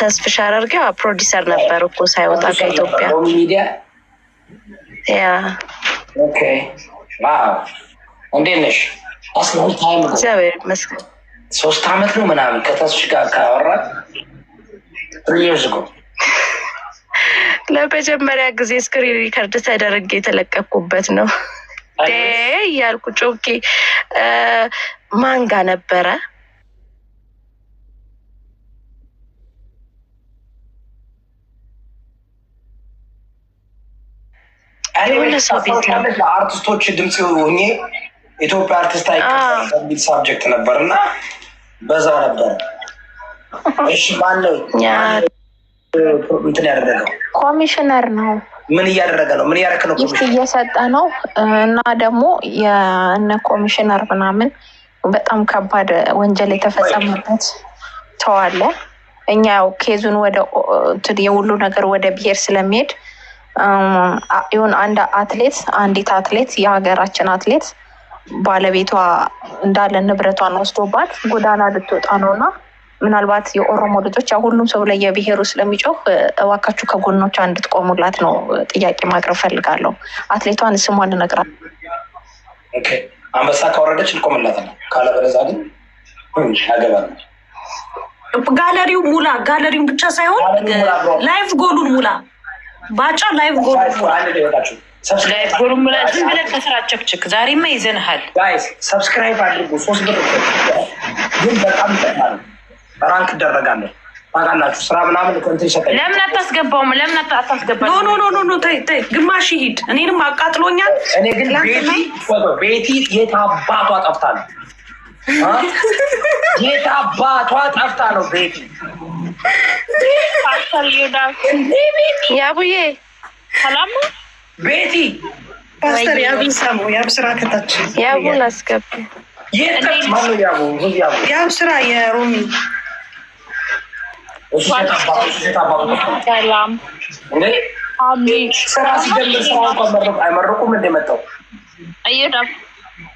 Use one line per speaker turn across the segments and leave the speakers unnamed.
ተስፍሻ አደርገ ፕሮዲሰር ነበር እኮ ሳይወጣ ከኢትዮጵያ ያ እንዴት ነሽ? እግዚአብሔር ይመስገን።
ሶስት አመት ነው ምናምን ከተስፍሽ ጋር ካወራ
ለመጀመሪያ ጊዜ ስክሪን ሪከርድ ተደርጌ የተለቀኩበት ነው እያልኩ ጮኬ ማንጋ ነበረ
ለአርቲስቶች ድምፅ ሆኜ ኢትዮጵያ አርቲስት አይቀበል ሳብጀክት ነበር እና በዛ ነበር። እሺ ማነው እንትን ያደረገው?
ኮሚሽነር ነው።
ምን እያደረገ ነው? ምን እያደረክ ነው?
ጊፍት እየሰጠ ነው። እና ደግሞ የእነ ኮሚሽነር ምናምን በጣም ከባድ ወንጀል የተፈጸመበት ተዋለ። እኛ ያው ኬዙን ወደ የሁሉ ነገር ወደ ብሄር ስለሚሄድ ይሁን አንድ አትሌት አንዲት አትሌት የሀገራችን አትሌት ባለቤቷ እንዳለ ንብረቷን ወስዶባት ጎዳና ልትወጣ ነው እና ምናልባት የኦሮሞ ልጆች ሁሉም ሰው ላይ የብሄሩ ስለሚጮህ እባካችሁ ከጎኖቿ እንድትቆሙላት ነው ጥያቄ ማቅረብ ፈልጋለሁ። አትሌቷን ስሟን እነግራለሁ።
አንበሳ ካወረደች ልቆምላት ነው፣ ካለበለዚያ ግን ያገባል።
ጋለሪው ሙላ፣ ጋለሪውን ብቻ ሳይሆን ላይፍ ጎሉን ሙላ። ባጫ ላይቭ ጎል ሰብስክራይብ ጎሩም ዝም ብለህ ከስራ ቸክችክ። ዛሬማ ይዘንሃል።
ሰብስክራይብ አድርጉ። ሶስት ብር ግን በጣም ይጠቅማል። ራንክ እደረጋለሁ። ታውቃላችሁ ስራ ምናምን እንትን
ይሰጠኝ። ለምን አታስገባውም? ለምን አታስገባ? ኖ ኖ ኖ ኖ፣ ተይ ተይ፣ ግማሽ ይሂድ። እኔንም አቃጥሎኛል።
እኔ ግን ቤቲ ቤቲ የት አባቷ ጠፍታለሁ የት አባቷ ጠፍታ ነው ቤቲ?
ያቡዬ ሰላም
ቤቲ ፓስተር ያቡ ሰሙ ያቡ ስራ ከታች
ያቡን አስገብ
ያቡ
ስራ የሮሚ
ስራ ሲጀምር ስራ አይመርቁም እንደመጣው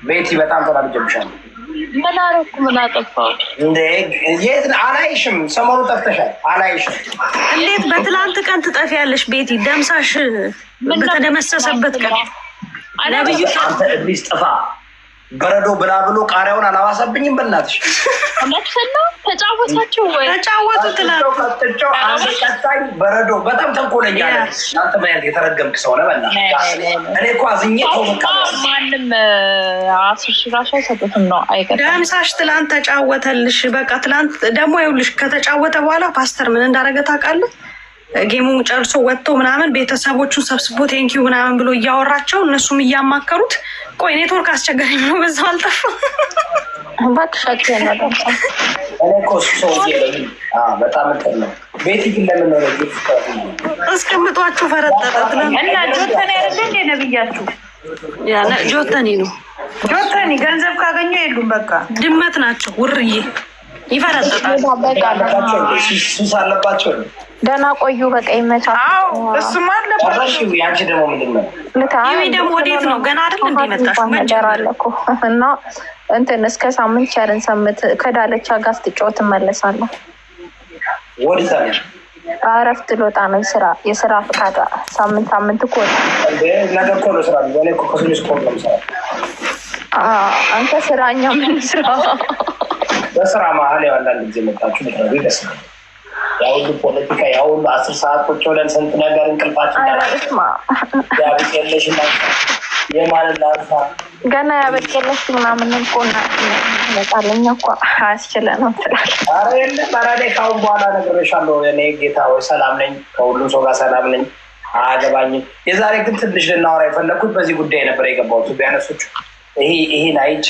ቤቲ በጣም ተላምጀምሻለሁ
ምን አደረኩ? ምን አጠፋው?
የት አላይሽም። ሰሞኑ ጠፍተሻል፣ አላይሽም።
እንዴት በትላንት ቀን ትጠፊያለሽ? ቤቲ ደምሳሽ በተደመሰሰበት ቀን
ነብዩ ሊስጠፋ በረዶ ብላ ብሎ ቃሪያውን አላባሰብኝም። በእናትሽ
ሁለትና ተጫወታችሁ ወይ ተጫወቱ ትላለህ።
አስቀጣኝ በረዶ በጣም ተንኮለኛ አንተ በያዝ የተረገምክ ሰው ነህ። በእናትህ እኔ እኮ አዝኜ
ማንም አስሽ ራሱ አይሰጡትም ነው አይገርም። ደምሳሽ ትላንት ተጫወተልሽ። በቃ ትላንት ደግሞ ይኸውልሽ ከተጫወተ በኋላ ፓስተር ምን እንዳደረገ ታውቃለህ? ጌሙ ጨርሶ ወጥቶ ምናምን ቤተሰቦቹን ሰብስቦ ቴንኪዩ ምናምን ብሎ እያወራቸው እነሱም እያማከሩት፣ ቆይ ኔትወርክ አስቸገረኝ ነው በዛው አልጠፋ አስቀምጧችሁ እና ነብያችሁ ነው። ጆተኒ። ገንዘብ ካገኘ የሉም በቃ ድመት ናቸው ውርዬ
ይፈረጥጣል። ሱስ አለባቸው።
ደህና ቆዩ። በቃ ይመቻቸው። እሱማ
አለባቸው። አንቺ ደግሞ ምንድን ነው?
ይሄ ደግሞ ወዴት ነው? ገና አይደል እንደ ነገር አለ እኮ እና እንትን እስከ ሳምንት ቸርን ሰምት ከዳለቻ ጋር ስትጫወት እመለሳለሁ። ወዴት እረፍት ልወጣ ነው። ስራ የስራ ፈቃድ ሳምንት ሳምንት እኮ አንተ ስራ እኛ ምን ስራ
በስራ መሀል ያው አንዳንድ ጊዜ መጣችሁ ምክረዱ ይደስናል። ያሁሉ ፖለቲካ ያሁሉ አስር ሰዓት ቁጭ ብለን ስንት ነገር እንቅልፋችን ያብቅ የለሽ የማለት ላንሳ
ገና ያበቅ ምናምን ቆና ይመጣለኝ እኮ አስችለ ነው ትላል።
ኧረ የለም ኧረ እኔ ካሁን በኋላ እነግርሻለሁ። እኔ ጌታ ወይ ሰላም ነኝ፣ ከሁሉም ሰው ጋር ሰላም ነኝ፣ አያገባኝም። የዛሬ ግን ትንሽ ልናወራ የፈለግኩት በዚህ ጉዳይ ነበር የገባሁት ቢያነሶች ይሄን አይቼ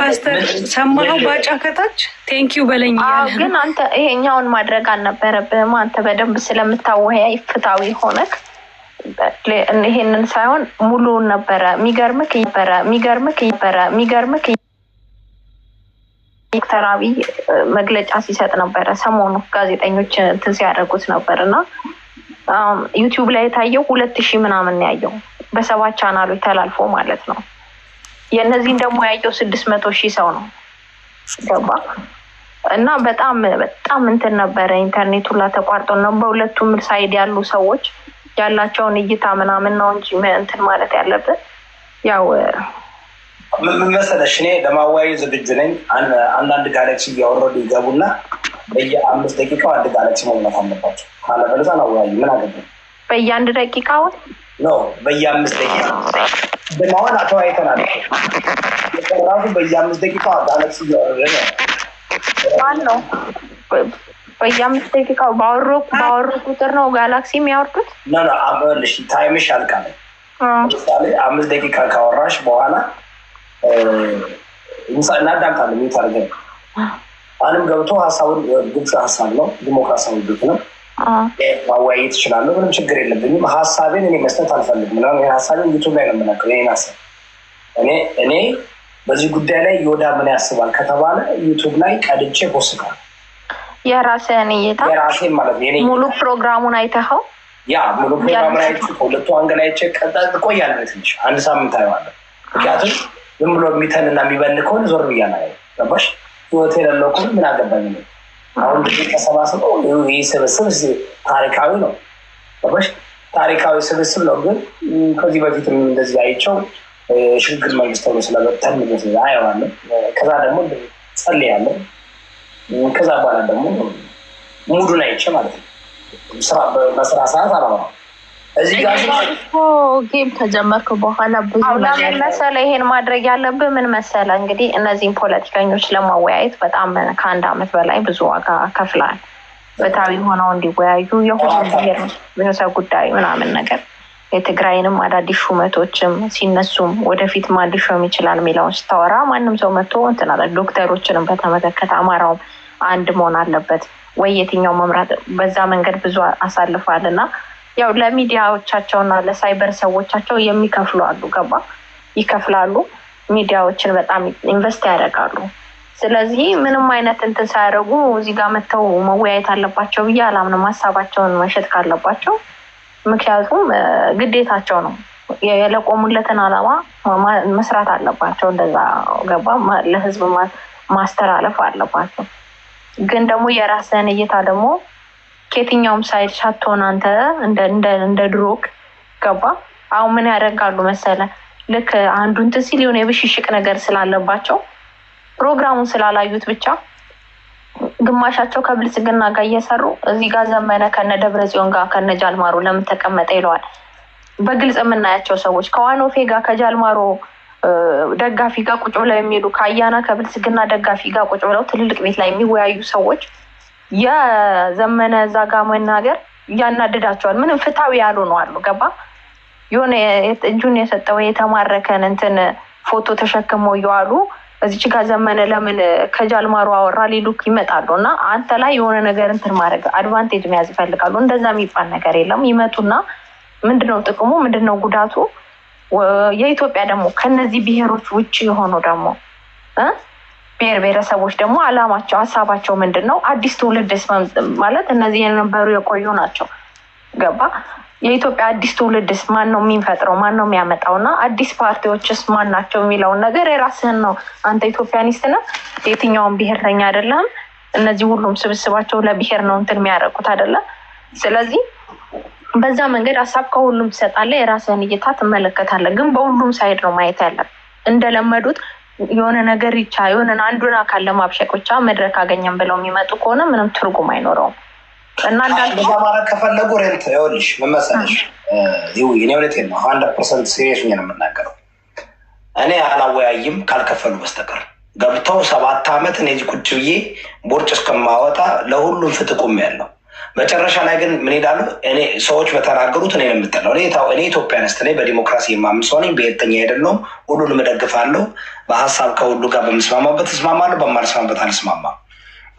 ፓስተር ሰማኸው ባጫ ከታች ቴንኪዩ በለኝ። ግን አንተ ይሄኛውን ማድረግ አልነበረብህም። አንተ በደንብ ስለምታወያይ ፍታዊ ሆነክ ይሄንን ሳይሆን ሙሉውን ነበረ የሚገርምክ ነበረ የሚገርምክ ነበረ የሚገርምክ ዶክተር አብይ መግለጫ ሲሰጥ ነበረ ሰሞኑ ጋዜጠኞች እንትን ሲያደርጉት ነበር እና ዩቲዩብ ላይ የታየው ሁለት ሺህ ምናምን ያየው በሰባት ቻናሎች ተላልፎ ማለት ነው። የእነዚህን ደግሞ ያየው ስድስት መቶ ሺህ ሰው ነው ገባ እና በጣም በጣም እንትን ነበረ። ኢንተርኔቱ ላ ተቋርጦ ነው። በሁለቱም ሳይድ ያሉ ሰዎች ያላቸውን እይታ ምናምን ነው እንጂ እንትን ማለት ያለብን ያው
ምን መሰለሽ፣ እኔ ለማዋይ ዝግጁ ነኝ። አንዳንድ ጋለክሲ እያወረዱ ይገቡና በየአምስት ደቂቃው አንድ ጋለክሲ መሙላት አለባቸው። ካለበለዛ ናወያዩ ምን አገባኝ
በየአንድ ደቂቃውን
ኖ በየአምስት ደቂቃ ደማሆን ተወያይተናል። ራሱ በየአምስት ደቂቃ አለክስ ነው
ነው። በየአምስት ደቂቃ ባወሩ ቁጥር ነው ጋላክሲ የሚያወርዱት።
ልሽ ታይምሽ ያልቃል። ለምሳሌ አምስት ደቂቃ ካወራሽ በኋላ እናዳምጣለን። ሚት አድርገን አንም ገብቶ ሀሳቡን ግልጽ ሀሳብ ነው፣ ዲሞክራሲያዊ ግብ ነው ማወያየት ይችላሉ። ምንም ችግር የለብኝም። ሀሳቤን እኔ መስጠት አልፈልግም። ይህ ሀሳቤን ዩቱብ ላይ ነው የምናገረው። ይህን ሀሳብ እኔ እኔ በዚህ ጉዳይ ላይ ዮዳ ምን ያስባል ከተባለ ዩቱብ ላይ ቀድቼ ቦስካል
የራስህን እይታ
የራሴን ማለት ነው።
ሙሉ ፕሮግራሙን አይተኸው
ያ ሙሉ ፕሮግራሙን አይቼ ከሁለቱ አንገል አይቼ ቀጠቆ እቆያለሁ። ትንሽ አንድ ሳምንት አይዋለሁ። ምክንያቱም ዝም ብሎ የሚተንና የሚበል ከሆነ ዞር ብያ ናየ ገባሽ? ህይወት የሌለው እኮ ምን አገባኝ ነው አሁን ተሰባስበው ይህ ስብስብ ታሪካዊ ነው፣ ታሪካዊ ስብስብ ነው። ግን ከዚህ በፊትም እንደዚህ አይቸው ሽግግር መንግስት ስለበተን ስለመተን አየዋለን። ከዛ ደግሞ ጸልያለሁ። ከዛ በኋላ ደግሞ ሙዱን አይቼ ማለት ነው በስራ ሰዓት አላማ
ጌም ከጀመርክ በኋላ ብዙ ምን ይሄን ማድረግ ያለብህ ምን መሰለ እንግዲህ እነዚህን ፖለቲከኞች ለማወያየት በጣም ከአንድ አመት በላይ ብዙ ዋጋ ከፍላል። ፍትሃዊ ሆነው እንዲወያዩ የሁሉም ብሄር ብንሰ ጉዳይ ምናምን ነገር የትግራይንም አዳዲስ ሹመቶችም ሲነሱም ወደፊት ማን ሊሾም ይችላል የሚለውን ስታወራ ማንም ሰው መጥቶ እንትና ዶክተሮችንም በተመለከተ አማራውም አንድ መሆን አለበት ወይ የትኛው መምራት በዛ መንገድ ብዙ አሳልፏል እና ያው ለሚዲያዎቻቸውና ለሳይበር ሰዎቻቸው የሚከፍሉ አሉ። ገባ ይከፍላሉ። ሚዲያዎችን በጣም ኢንቨስት ያደርጋሉ። ስለዚህ ምንም አይነት እንትን ሳያደርጉ እዚህ ጋር መጥተው መወያየት አለባቸው ብዬ አላምንም፣ ሀሳባቸውን መሸጥ ካለባቸው። ምክንያቱም ግዴታቸው ነው። የለቆሙለትን አላማ መስራት አለባቸው። እንደዛ ገባ ለህዝብ ማስተላለፍ አለባቸው። ግን ደግሞ የራስህን እይታ ደግሞ ከየትኛውም ሳይድ ሳትሆን አንተ እንደ ድሮክ ገባ። አሁን ምን ያደርጋሉ መሰለ ልክ አንዱ እንትን ሲል የሆነ የብሽሽቅ ነገር ስላለባቸው ፕሮግራሙን ስላላዩት ብቻ ግማሻቸው ከብልጽግና ጋር እየሰሩ እዚህ ጋር ዘመነ ከነ ደብረ ጽዮን ጋር ከነ ጃልማሮ ለምን ተቀመጠ ይለዋል። በግልጽ የምናያቸው ሰዎች ከዋኖፌ ጋር ከጃልማሮ ደጋፊ ጋር ቁጭ ብለው የሚሉ ከአያና ከብልጽግና ደጋፊ ጋር ቁጭ ብለው ትልልቅ ቤት ላይ የሚወያዩ ሰዎች የዘመነ እዛ ጋ መናገር ምንም ምንም ያሉ ያልሆኑ አሉ። ገባ የሆነ እጁን የሰጠው የተማረከን እንትን ፎቶ ተሸክመው እየዋሉ እዚች ጋር ዘመነ ለምን ከጃልማሩ አወራ ሊሉክ ይመጣሉ። እና አንተ ላይ የሆነ ነገር እንትን ማድረግ አድቫንቴጅ መያዝ ይፈልጋሉ። እንደዛ የሚባል ነገር የለም። ይመጡና ምንድነው ጥቅሙ፣ ምንድነው ጉዳቱ? የኢትዮጵያ ደግሞ ከነዚህ ብሔሮች ውጭ የሆኑ ደግሞ ብሔር ብሔረሰቦች ደግሞ አላማቸው ሀሳባቸው ምንድን ነው? አዲስ ትውልድስ ማለት እነዚህ የነበሩ የቆዩ ናቸው። ገባ የኢትዮጵያ አዲስ ትውልድስ ማን ነው የሚፈጥረው? ማን ነው የሚያመጣው? እና አዲስ ፓርቲዎችስ ማን ናቸው የሚለውን ነገር የራስህን ነው። አንተ ኢትዮጵያኒስት ነህ፣ የትኛውን ብሔርተኛ አይደለም። እነዚህ ሁሉም ስብስባቸው ለብሔር ነው እንትን የሚያደርጉት አይደለም። ስለዚህ በዛ መንገድ ሀሳብ ከሁሉም ትሰጣለህ፣ የራስህን እይታ ትመለከታለህ። ግን በሁሉም ሳይድ ነው ማየት ያለብህ እንደለመዱት የሆነ ነገር ይቻ የሆነ አንዱን አካል ለማብሸቅ ብቻ መድረክ አገኘም ብለው የሚመጡ ከሆነ ምንም ትርጉም አይኖረውም እና
ከፈለጉ ሬንት ይኸውልሽ ምን መሰለሽ እኔ እውነቴን ነው አንድ ፐርሰንት ሲሪየስ ነው የምናገረው እኔ አላወያይም ካልከፈሉ በስተቀር ገብተው ሰባት ዓመት እኔ እዚህ ቁጭ ብዬ ቦርጭ እስከማወጣ ለሁሉም ፍትቁም ያለው መጨረሻ ላይ ግን ምን ይላሉ? እኔ ሰዎች በተናገሩት እኔ የምጠለው እኔ ታው እኔ ኢትዮጵያ ኢትዮጵያንስት ነኝ፣ በዲሞክራሲ የማምን ሰው ነኝ፣ ብሔርተኛ አይደለሁም፣ ሁሉንም እደግፋለሁ። በሀሳብ ከሁሉ ጋር በምስማማበት እስማማለሁ፣ በማልስማማበት አልስማማም።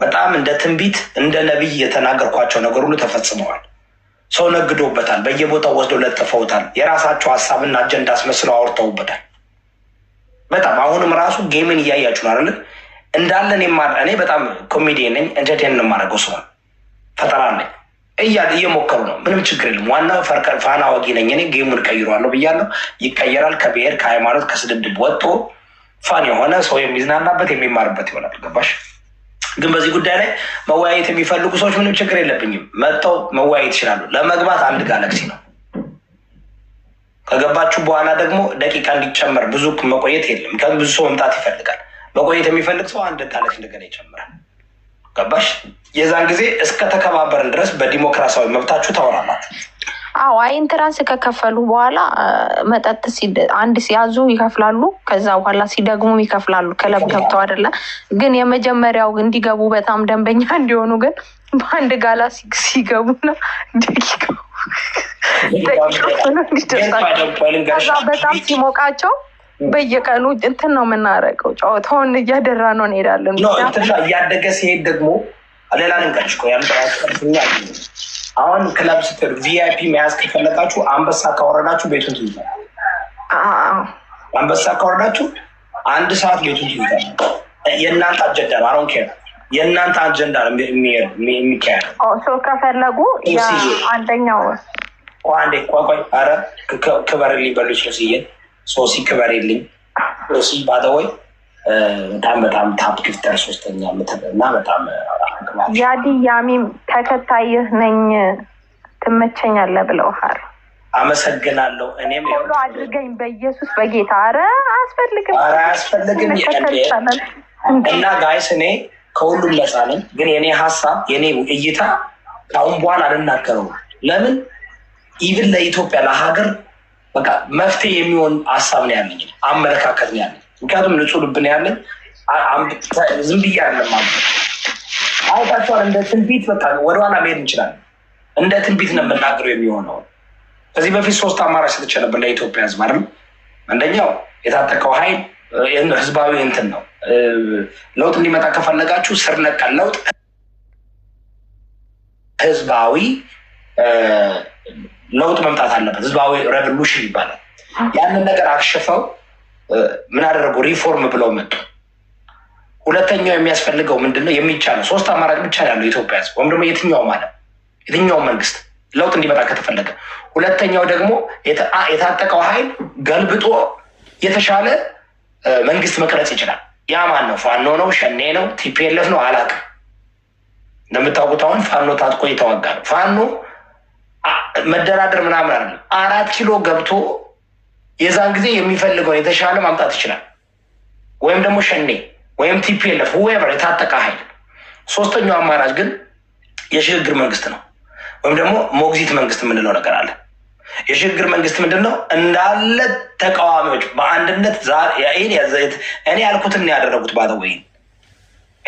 በጣም እንደ ትንቢት እንደ ነቢይ የተናገርኳቸው ነገር ሁሉ ተፈጽመዋል። ሰው ነግዶበታል። በየቦታው ወስዶ ለጥፈውታል። የራሳቸው ሀሳብና አጀንዳ አስመስለው አውርተውበታል። በጣም አሁንም ራሱ ጌምን እያያችሁ ነው አይደል? እንዳለን እኔ በጣም ኮሜዲ ነኝ፣ እንጀቴን የማደርገው ነው ፈጠራ እያለ እየሞከሩ ነው። ምንም ችግር የለም። ዋና ፋና ወጊ ነኝ እኔ ጌሙን እቀይረዋለሁ ብያለሁ። ይቀየራል። ከብሔር ከሃይማኖት፣ ከስድድብ ወጥቶ ፋን የሆነ ሰው የሚዝናናበት የሚማርበት ይሆናል። ገባሽ? ግን በዚህ ጉዳይ ላይ መወያየት የሚፈልጉ ሰዎች ምንም ችግር የለብኝም፣ መጥተው መወያየት ይችላሉ። ለመግባት አንድ ጋለክሲ ነው። ከገባችሁ በኋላ ደግሞ ደቂቃ እንዲጨመር ብዙ መቆየት የለም። ብዙ ሰው መምጣት ይፈልጋል። መቆየት የሚፈልግ ሰው አንድ ጋለክሲ እንደገና ይጨምራል። ገባሽ? የዛን ጊዜ እስከ ተከባበርን ድረስ በዲሞክራሲያዊ መብታችሁ ታወራላችሁ።
አዎ አይ ኢንትራንስ ከከፈሉ በኋላ መጠጥ አንድ ሲያዙ ይከፍላሉ። ከዛ በኋላ ሲደግሙ ይከፍላሉ። ክለብ ገብተው አይደለ ግን የመጀመሪያው እንዲገቡ በጣም ደንበኛ እንዲሆኑ ግን በአንድ ጋላ ሲገቡ ነው ደቂቃ
በጣም
ሲሞቃቸው በየቀኑ እንትን ነው የምናደርገው። ጨዋታውን እያደራ ነው እንሄዳለን።
እያደገ ሲሄድ ደግሞ ሌላ ልንቀርሽ አሁን ክለብ ስትሄዱ ቪአይፒ መያዝ ከፈለጋችሁ አንበሳ ካወረዳችሁ ቤቱን ትይዛል። አንበሳ ካወረዳችሁ አንድ ሰዓት ቤቱን ትይዛል። የእናንተ አጀንዳ ነው። አሮን ኬር የእናንተ አጀንዳ ነው የሚካሄድ
ከፈለጉ አንደኛው
አንዴ ቋቋይ አረ ክበር ሊበሉ ይችላል ስዬ ሶሲ ክበር የልኝ ሶሲ ባደወይ በጣም በጣም ታፕ ግፍተር ሶስተኛ ምትል እና በጣም
ያዲ ያሚም ተከታይህ ነኝ ትመቸኛለ ብለውሃል።
አመሰግናለሁ። እኔም
ሎ አድርገኝ በኢየሱስ በጌታ። አረ አያስፈልግም፣
አረ አያስፈልግም። እና ጋይስ እኔ ከሁሉም ነፃ ነኝ፣ ግን የኔ ሀሳብ የኔ እይታ ከአሁን በኋላ አልናገረው። ለምን ኢቭን ለኢትዮጵያ ለሀገር በቃ መፍትሄ የሚሆን ሀሳብ ነው ያለኝ፣ አመለካከት ነው ያለኝ። ምክንያቱም ንጹህ ልብ ነው ያለኝ። ዝም ብዬ ያለም አውቃቸዋል። እንደ ትንቢት በቃ ወደኋላ መሄድ እንችላለን። እንደ ትንቢት ነው የምናገረው የሚሆነው። ከዚህ በፊት ሶስት አማራጭ ሰጥቼ ነበር ለኢትዮጵያ ህዝብ አይደል? አንደኛው የታጠቀው ኃይል ህዝባዊ እንትን ነው። ለውጥ እንዲመጣ ከፈለጋችሁ ስር ነቀል ለውጥ ህዝባዊ ለውጥ መምጣት አለበት። ህዝባዊ ሬቮሉሽን ይባላል። ያንን ነገር አክሽፈው ምን አደረጉ? ሪፎርም ብለው መጡ። ሁለተኛው የሚያስፈልገው ምንድነው? የሚቻለው ሶስት አማራጭ ብቻ ያለው ኢትዮጵያ ህዝብ ወይም ደግሞ የትኛውም ዓለም የትኛውም መንግስት ለውጥ እንዲመጣ ከተፈለገ፣ ሁለተኛው ደግሞ የታጠቀው ኃይል ገልብጦ የተሻለ መንግስት መቅረጽ ይችላል። ያ ማን ነው? ፋኖ ነው? ሸኔ ነው? ቲፒኤልኤፍ ነው? አላቅም። እንደምታውቁት አሁን ፋኖ ታጥቆ እየተዋጋ ነው። ፋኖ መደራደር ምናምን አለ። አራት ኪሎ ገብቶ የዛን ጊዜ የሚፈልገውን የተሻለ ማምጣት ይችላል። ወይም ደግሞ ሸኔ ወይም ቲፒኤልኤፍ ሁዌቨር የታጠቀ ኃይል። ሶስተኛው አማራጭ ግን የሽግግር መንግስት ነው። ወይም ደግሞ ሞግዚት መንግስት የምንለው ነገር አለ። የሽግግር መንግስት ምንድን ነው? እንዳለ ተቃዋሚዎች በአንድነት እኔ ያልኩትን ነው ያደረጉት። ባለወይን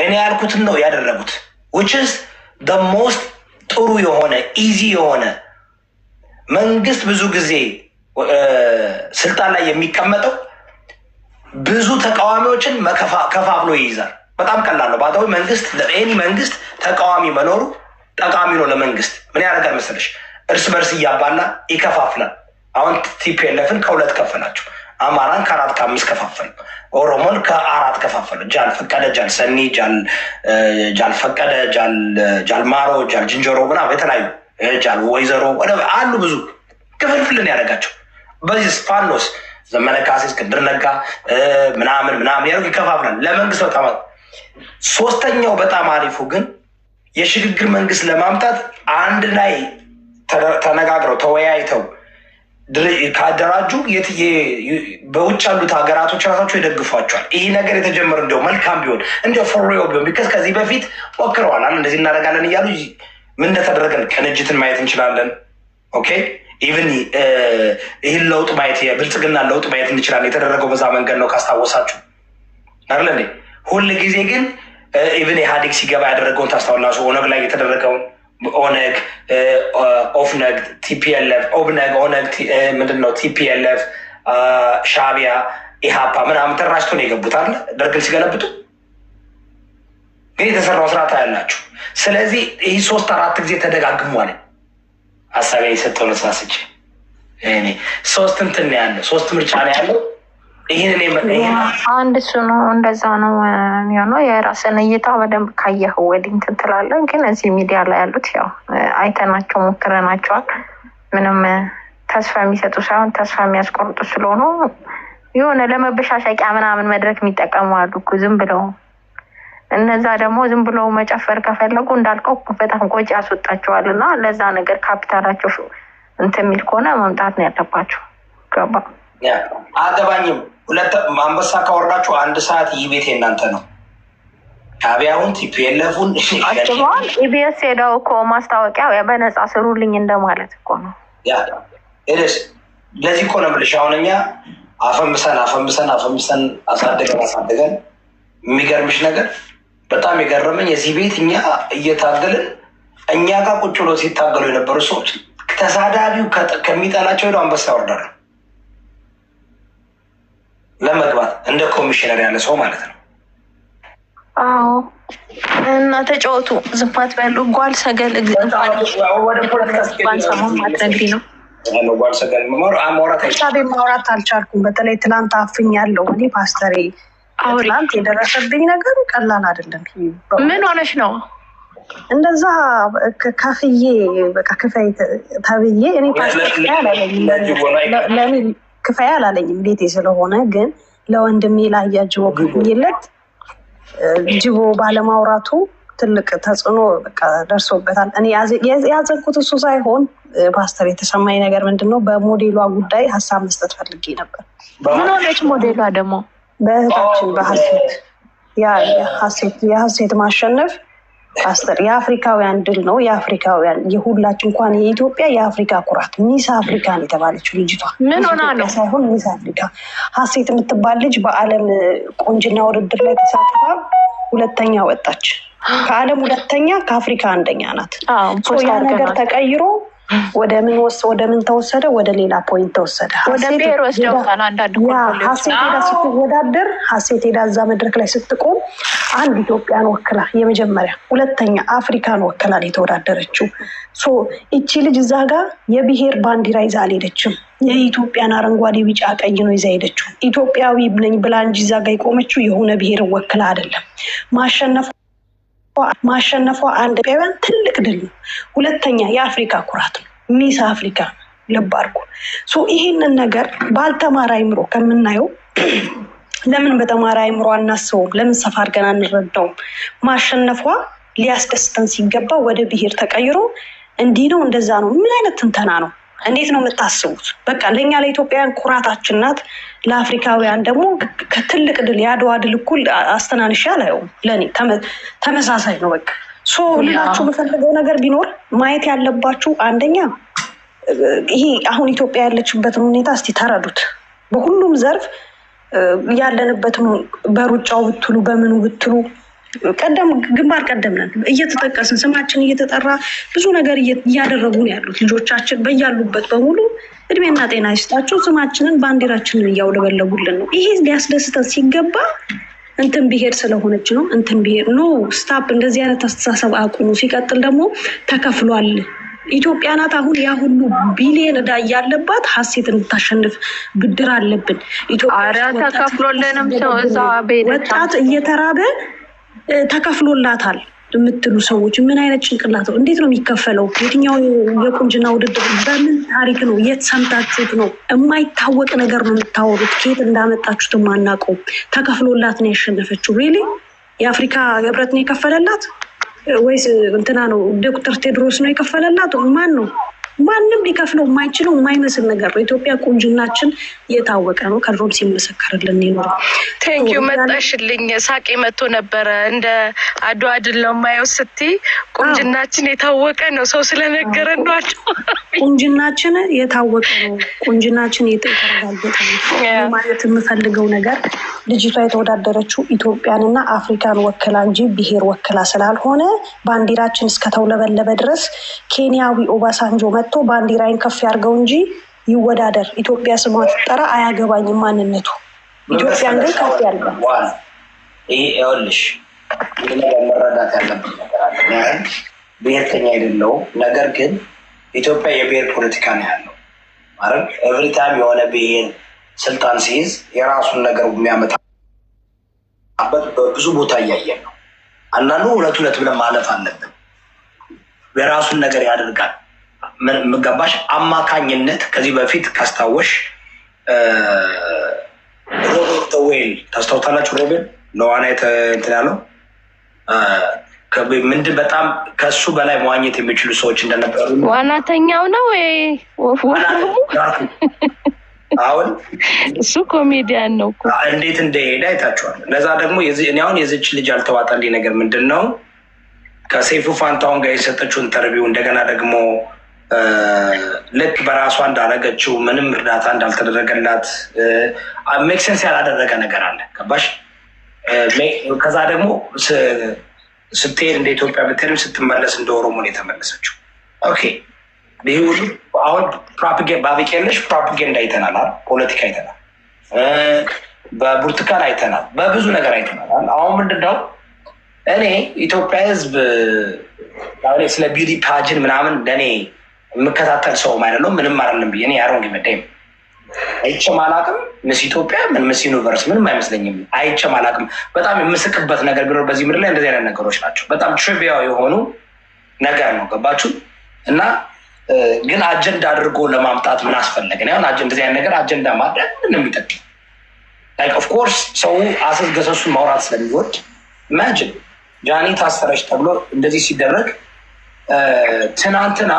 እኔ ያልኩትን ነው ያደረጉት። ዊችስ ሞስት ጥሩ የሆነ ኢዚ የሆነ መንግስት ብዙ ጊዜ ስልጣን ላይ የሚቀመጠው ብዙ ተቃዋሚዎችን ከፋፍሎ ይይዛል። በጣም ቀላል ነው። ባታዊ መንግስት ለኤኒ መንግስት ተቃዋሚ መኖሩ ጠቃሚ ነው ለመንግስት። ምን ያደርጋል መሰለሽ? እርስ በርስ እያባላ ይከፋፍላል። አሁን ቲፒኤልኤፍን ከሁለት ከፈላችሁ፣ አማራን ከአራት ከአምስት ከፋፈል፣ ኦሮሞን ከአራት ከፋፈለ። ጃል ፈቀደ፣ ጃል ሰኒ፣ ጃል ፈቀደ፣ ጃል ማሮ፣ ጃል ጅንጀሮ ምናምን የተለያዩ ጫሉ ወይዘሮ አሉ ብዙ ክፍልፍልን ያደረጋቸው በዚህ ስፋኖስ ዘመነ ካሴ እስክንድር ነጋ ምናምን ምናምን ያሉ ይከፋፍላል። ለመንግስት በጣም ሶስተኛው በጣም አሪፉ ግን የሽግግር መንግስት ለማምጣት አንድ ላይ ተነጋግረው ተወያይተው ካደራጁ በውጭ ያሉት ሀገራቶች ራሳቸው ይደግፏቸዋል። ይህ ነገር የተጀመረ እንዲያው መልካም ቢሆን እንዲያው ፎሬዮ ቢሆን ከዚህ በፊት ሞክረዋል። እንደዚህ እናደርጋለን እያሉ ምን እንደተደረገን ቅንጅትን ማየት እንችላለን። ኦኬ ኢቭን ይህን ለውጥ ማየት የብልጽግና ለውጥ ማየት እንችላለን። የተደረገው በዛ መንገድ ነው ካስታወሳችሁ አለ። እንዴ? ሁል ጊዜ ግን ኢቨን ኢህአዴግ ሲገባ ያደረገውን ታስታውላችሁ። ኦነግ ላይ የተደረገውን ኦነግ፣ ኦፍነግ፣ ቲፒኤልኤፍ፣ ኦብነግ፣ ኦነግ ምንድን ነው ቲፒኤልኤፍ፣ ሻቢያ፣ ኢሃፓ ምናምን ተራጅቶ ነው የገቡት አለ ደርግን ሲገለብጡ ግን የተሰራው ስርዓት አያላችሁ። ስለዚህ ይህ ሶስት አራት ጊዜ ተደጋግሟል። ሀሳቢ የሰጠው ነሳስች ሶስት እንትን ነው ሶስት ምርጫ ነው ያለው።
አንድ እሱ ነው። እንደዛ ነው የሚሆነው። የራስን እይታ በደንብ ካየህ ወዲህ እንትን ትላለህ። ግን እዚህ ሚዲያ ላይ ያሉት ያው አይተናቸው ሞክረናቸዋል። ምንም ተስፋ የሚሰጡ ሳይሆን ተስፋ የሚያስቆርጡ ስለሆኑ የሆነ ለመበሻሻቂያ ምናምን መድረክ የሚጠቀሙ አሉ ዝም ብለው እነዛ ደግሞ ዝም ብሎ መጨፈር ከፈለጉ እንዳልከው በጣም ቆጭ ያስወጣቸዋል። እና ለዛ ነገር ካፒታላቸው እንትን የሚል ከሆነ መምጣት ነው ያለባቸው። ገባ
አገባኝም። ሁለት አንበሳ ካወርዳችሁ አንድ ሰዓት ይህ ቤት የእናንተ ነው። ጣቢያውን ቲፒኤልኤፉን
አስበዋል። ኢቢኤስ ሄደው እኮ ማስታወቂያ በነፃ ስሩልኝ እንደማለት እኮ ነው።
ደስ ለዚህ እኮ ነው የምልሽ። አሁን እኛ አፈምሰን አፈምሰን አፈምሰን አሳደገን አሳደገን የሚገርምሽ ነገር በጣም የገረመኝ የዚህ ቤት እኛ እየታገልን እኛ ጋር ቁጭ ብሎ ሲታገሉ የነበሩ ሰዎች ተሳዳቢው ከሚጠላቸው ሄዶ አንበሳ ወርዳሉ ለመግባት እንደ ኮሚሽነር ያለ ሰው ማለት ነው።
አዎ እና ተጫወቱ ዝፋት በሉ ጓል ሰገል ሰሞን ማድረግ ነው ጓል ሰገል ማውራት አልቻልኩም። በተለይ ትናንት አፍኝ ያለው እኔ ፓስተሬ ትናንት የደረሰብኝ ነገር ቀላል አይደለም። ምን ሆነሽ ነው እንደዛ ከፍዬ በቃ ክፈይ ተብዬ እኔ ለእኔ ክፈያ አላለኝም ቤቴ ስለሆነ፣ ግን ለወንድሜ ላያ ጅቦ ክፍዬለት ጅቦ ባለማውራቱ ትልቅ ተጽዕኖ ደርሶበታል። እኔ ያዘንኩት እሱ ሳይሆን ፓስተር፣ የተሰማኝ ነገር ምንድን ነው? በሞዴሏ ጉዳይ ሀሳብ መስጠት ፈልጌ ነበር። ምን ሆነች ሞዴሏ ደግሞ? በእህታችን በሀሴት ሀሴት የሀሴት ማሸነፍ አስር የአፍሪካውያን ድል ነው። የአፍሪካውያን የሁላችን እንኳን የኢትዮጵያ የአፍሪካ ኩራት ሚስ አፍሪካን የተባለችው ልጅቷ ምን ሆና ነው ሳይሆን ሚስ አፍሪካ ሀሴት የምትባል ልጅ በዓለም ቆንጅና ውድድር ላይ ተሳትፋ ሁለተኛ ወጣች። ከዓለም ሁለተኛ ከአፍሪካ አንደኛ ናት። ያ ነገር ተቀይሮ ወደ ምን ወደ ምን ተወሰደ? ወደ ሌላ ፖይንት ተወሰደ። ወደ ብሔር ወስደውታል። አንዳንድ ሀሴት ሄዳ ስትወዳደር፣ ሀሴት ሄዳ እዛ መድረክ ላይ ስትቆም አንድ ኢትዮጵያን ወክላ የመጀመሪያ፣ ሁለተኛ አፍሪካን ወክላል የተወዳደረችው። ሶ እቺ ልጅ እዛ ጋ የብሔር ባንዲራ ይዛ አልሄደችም። የኢትዮጵያን አረንጓዴ፣ ቢጫ፣ ቀይ ነው ይዛ ሄደችው። ኢትዮጵያዊ ነኝ ብላ እንጂ እዛ ጋ የቆመችው የሆነ ብሔርን ወክላ አይደለም ማሸነፏ ማሸነፏ አንድ ኢትዮጵያውያን ድል ነው። ሁለተኛ የአፍሪካ ኩራት ነው። ሚስ አፍሪካ ልብ አድርጎ ይህንን ነገር ባልተማረ አይምሮ ከምናየው ለምን በተማረ አይምሮ አናስበውም? ለምን ሰፋ አድርገን አንረዳውም? ማሸነፏ ሊያስደስተን ሲገባ ወደ ብሄር ተቀይሮ እንዲህ ነው እንደዛ ነው። ምን አይነት ትንተና ነው? እንዴት ነው የምታስቡት? በቃ ለእኛ ለኢትዮጵያውያን ኩራታችን ናት። ለአፍሪካውያን ደግሞ ከትልቅ ድል የአድዋ ድል እኩል አስተናንሻ አላየውም። ለእኔ ተመሳሳይ ነው በቃ ሶ ልላችሁ የምፈልገው ነገር ቢኖር ማየት ያለባችሁ አንደኛ ይሄ አሁን ኢትዮጵያ ያለችበትን ሁኔታ እስቲ ተረዱት። በሁሉም ዘርፍ ያለንበትን በሩጫው ብትሉ በምኑ ብትሉ ቀደም ግንባር ቀደም ነን፣ እየተጠቀስን ስማችን እየተጠራ ብዙ ነገር እያደረጉ ነው ያሉት ልጆቻችን በያሉበት በሙሉ እድሜና ጤና ይስጣቸው። ስማችንን ባንዲራችንን እያውለበለቡልን ነው። ይሄ ሊያስደስተን ሲገባ እንትን ብሄር ስለሆነች ነው። እንትን ብሄር ኖ ስታፕ፣ እንደዚህ አይነት አስተሳሰብ አቁሙ። ሲቀጥል ደግሞ ተከፍሏል። ኢትዮጵያ ናት አሁን ያ ሁሉ ቢሊየን እዳ እያለባት ሀሴት እንድታሸንፍ ብድር አለብን። ኢትዮጵያ ወጣት እየተራበ ተከፍሎላታል። የምትሉ ሰዎች ምን አይነት ጭንቅላት ነው? እንዴት ነው የሚከፈለው? የትኛው የቁንጅና ውድድር በምን ታሪክ ነው? የት ሰምታችሁት ነው? የማይታወቅ ነገር ነው የምታወሩት። ከየት እንዳመጣችሁት ማናውቀው። ተከፍሎላት ነው ያሸነፈችው። ሬሊ የአፍሪካ ህብረት ነው የከፈለላት ወይስ እንትና ነው ዶክተር ቴድሮስ ነው የከፈለላት? ማን ነው? ማንም ሊከፍለው የማይችለው የማይመስል ነገር ነው። ኢትዮጵያ ቁንጅናችን የታወቀ ነው። ከድሮም ሲመሰከርልን ይኖረው። ቴንኪዩ መጣሽልኝ። ሳቄ መቶ ነበረ እንደ አዶ አድል ነው የማየው ስትይ ቁንጅናችን የታወቀ ነው። ሰው ስለነገረ ነው። ቁንጅናችን የታወቀ ነው። ቁንጅናችን የተረጋገጠ ነው ማለት የምፈልገው ነገር ልጅቷ የተወዳደረችው ኢትዮጵያንና አፍሪካን ወክላ እንጂ ብሄር ወክላ ስላልሆነ ባንዲራችን እስከተውለበለበ ድረስ ኬንያዊ ኦባሳንጆ መ መጥቶ ባንዲራይን ከፍ ያርገው እንጂ ይወዳደር ኢትዮጵያ ስሟ ትጠራ አያገባኝም ማንነቱ። ኢትዮጵያን ግን ከፍ ያርገው።
ይሄ ይኸውልሽ ይህ ነገር መረዳት ያለብን ነገር አለ። ብሔርተኛ የሌለው ነገር ግን ኢትዮጵያ የብሔር ፖለቲካ ነው ያለው ማለት ኤቭሪ ታይም የሆነ ብሔር ስልጣን ሲይዝ የራሱን ነገር የሚያመጣበት በብዙ ቦታ እያየን ነው። አንዳንዱ ሁለት ሁለት ብለን ማለፍ አለብን። የራሱን ነገር ያደርጋል። ምገባሽ አማካኝነት ከዚህ በፊት ካስታወሽ ሮቤርት ዌል ታስታውታላችሁ። ሮቤል ለዋና እንትን ያለው ምንድን በጣም ከሱ በላይ መዋኘት የሚችሉ ሰዎች እንደነበሩ
ዋናተኛው ነው አሁን እሱ ኮሜዲያን ነው።
እንዴት እንደሄደ አይታችኋል። ለዛ ደግሞ አሁን የዚች ልጅ አልተዋጣልኝ ነገር ምንድን ነው ከሴፉ ፋንታውን ጋር የሰጠችው ኢንተርቪው እንደገና ደግሞ ልክ በራሷ እንዳረገችው ምንም እርዳታ እንዳልተደረገላት ሜክ ያላደረገ ነገር አለ። ገባሽ? ከዛ ደግሞ ስትሄድ እንደ ኢትዮጵያ ብትሄድም ስትመለስ እንደ ኦሮሞ ነው የተመለሰችው። ኦኬ ይህ ሁሉ አሁን ባቢቄለሽ ፕሮፓጋንዳ አይተናል፣ ፖለቲካ አይተናል፣ በቡርቱካን አይተናል፣ በብዙ ነገር አይተናል። አሁን ምንድነው እኔ ኢትዮጵያ ህዝብ ስለ ቢዩቲ ፓጅን ምናምን ለእኔ የምከታተል ሰውም አይደለም ምንም አይደለም ብዬ ያረንግ መዳይ አይቼም አላቅም። ምስ ኢትዮጵያ ምን ምስ ዩኒቨርስ ምንም አይመስለኝም። አይቼም አላቅም። በጣም የምስቅበት ነገር ቢኖር በዚህ ምድር ላይ እንደዚህ አይነት ነገሮች ናቸው። በጣም ትሪቪያው የሆኑ ነገር ነው። ገባችሁ እና ግን አጀንዳ አድርጎ ለማምጣት ምን አስፈለገን? ሁን እንደዚህ አይነት ነገር አጀንዳ ማድረግ ምንም የሚጠቅም ኦፍኮርስ ሰው አሰስ ገሰሱን ማውራት ስለሚወድ ኢማጅን ጃኒ ታሰረች ተብሎ እንደዚህ ሲደረግ ትናንትና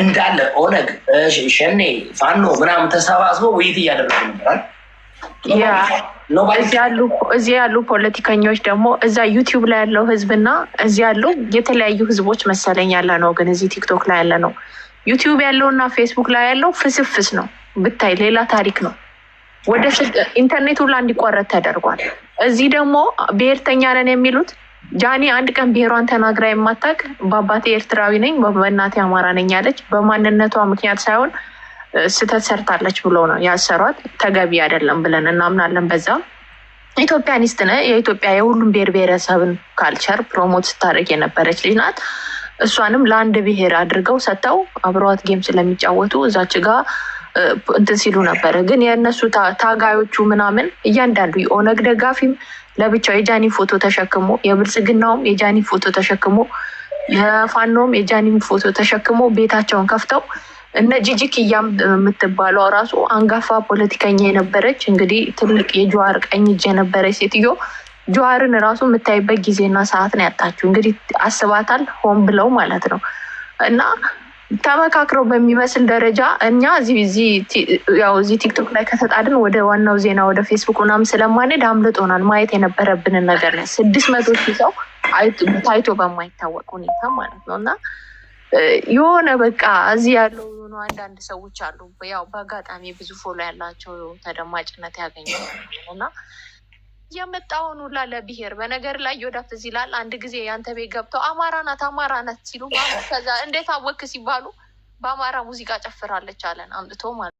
እንዳለ ኦነግ፣ ሸኔ፣ ፋኖ ምናምን ተሰባስቦ ውይይት እያደረጉ ነበራል።
እዚህ ያሉ ፖለቲከኞች ደግሞ እዛ ዩቲዩብ ላይ ያለው ህዝብና እዚህ ያሉ የተለያዩ ህዝቦች መሰለኝ ያለ ነው። ግን እዚህ ቲክቶክ ላይ ያለ ነው። ዩቲዩብ ያለውና ፌስቡክ ላይ ያለው ፍስፍስ ነው። ብታይ ሌላ ታሪክ ነው። ወደ ኢንተርኔቱ ሁላ እንዲቋረጥ ተደርጓል። እዚህ ደግሞ ብሔርተኛ ነን የሚሉት ጃኒ አንድ ቀን ብሔሯን ተናግራ የማታቅ በአባቴ ኤርትራዊ ነኝ በእናቴ አማራ ነኝ ያለች በማንነቷ ምክንያት ሳይሆን ስህተት ሰርታለች ብሎ ነው ያሰሯት። ተገቢ አይደለም ብለን እናምናለን። በዛ ኢትዮጵያ ኒስት ነ የኢትዮጵያ የሁሉም ብሔር ብሔረሰብን ካልቸር ፕሮሞት ስታደርግ የነበረች ልጅ ናት። እሷንም ለአንድ ብሔር አድርገው ሰጥተው አብረዋት ጌም ስለሚጫወቱ እዛች ጋ እንትን ሲሉ ነበረ። ግን የእነሱ ታጋዮቹ ምናምን እያንዳንዱ የኦነግ ደጋፊም ለብቻው የጃኒ ፎቶ ተሸክሞ የብልጽግናውም የጃኒ ፎቶ ተሸክሞ የፋኖም የጃኒ ፎቶ ተሸክሞ ቤታቸውን ከፍተው እነ ጂጂ ኪያም የምትባለው ራሱ አንጋፋ ፖለቲከኛ የነበረች እንግዲህ ትልቅ የጀዋር ቀኝ እጅ የነበረች ሴትዮ ጀዋርን ራሱ የምታይበት ጊዜና ሰዓት ነው ያጣችው። እንግዲህ አስባታል ሆን ብለው ማለት ነው እና ተመካክረው በሚመስል ደረጃ እኛ ያው እዚህ ቲክቶክ ላይ ከተጣድን ወደ ዋናው ዜና ወደ ፌስቡክ ምናምን ስለማንሄድ አምልጦናል። ማየት የነበረብንን ነገር ነው። ስድስት መቶ ሺህ ሰው ታይቶ በማይታወቅ ሁኔታ ማለት ነው እና የሆነ በቃ እዚህ ያለው የሆኑ አንዳንድ ሰዎች አሉ። ያው በአጋጣሚ ብዙ ፎሎ ያላቸው ተደማጭነት ያገኘ እና የመጣውን ሁላ ለብሄር በነገር ላይ ዮዳፍ እዚህ ይላል። አንድ ጊዜ ያንተ ቤት ገብተው አማራ ናት አማራ ናት ሲሉ ከዛ እንዴት አወክ ሲባሉ በአማራ ሙዚቃ ጨፍራለች አለን አምጥቶ ማለት